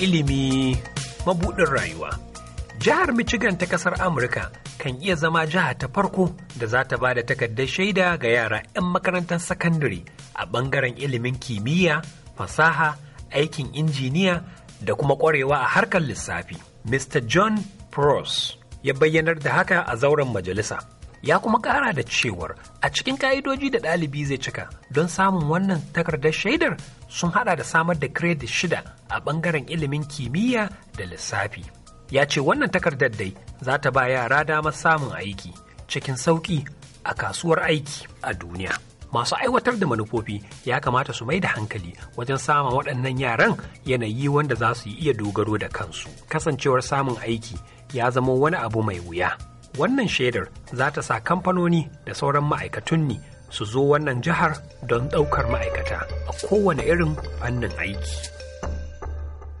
ilimi mabuɗin rayuwa. Jihar Michigan ta ƙasar Amurka kan iya zama jiha ta farko da za ta ba da takardar shaida ga yara 'yan makarantar sakandare a ɓangaren ilimin kimiyya, fasaha, aikin injiniya da kuma ƙwarewa a harkar lissafi. Mr. John Pros ya bayyanar da haka a zauren majalisa. ya kuma kara da cewar a cikin ka'idoji da ɗalibi zai cika don samun wannan takardar shaidar sun hada da samar da kiredit shida a ɓangaren ilimin kimiyya da lissafi ya ce wannan takardar dai za ta ba yara damar samun aiki cikin sauƙi a kasuwar aiki a duniya masu aiwatar da manufofi ya kamata su mai da hankali wajen samun waɗannan yaran yanayi wanda za su iya dogaro da kansu kasancewar samun aiki ya zama wani abu mai wuya wannan shaidar za ta sa kamfanoni da sauran ma'aikatun ni su zo wannan jihar don ɗaukar ma'aikata a kowane irin fannin aiki.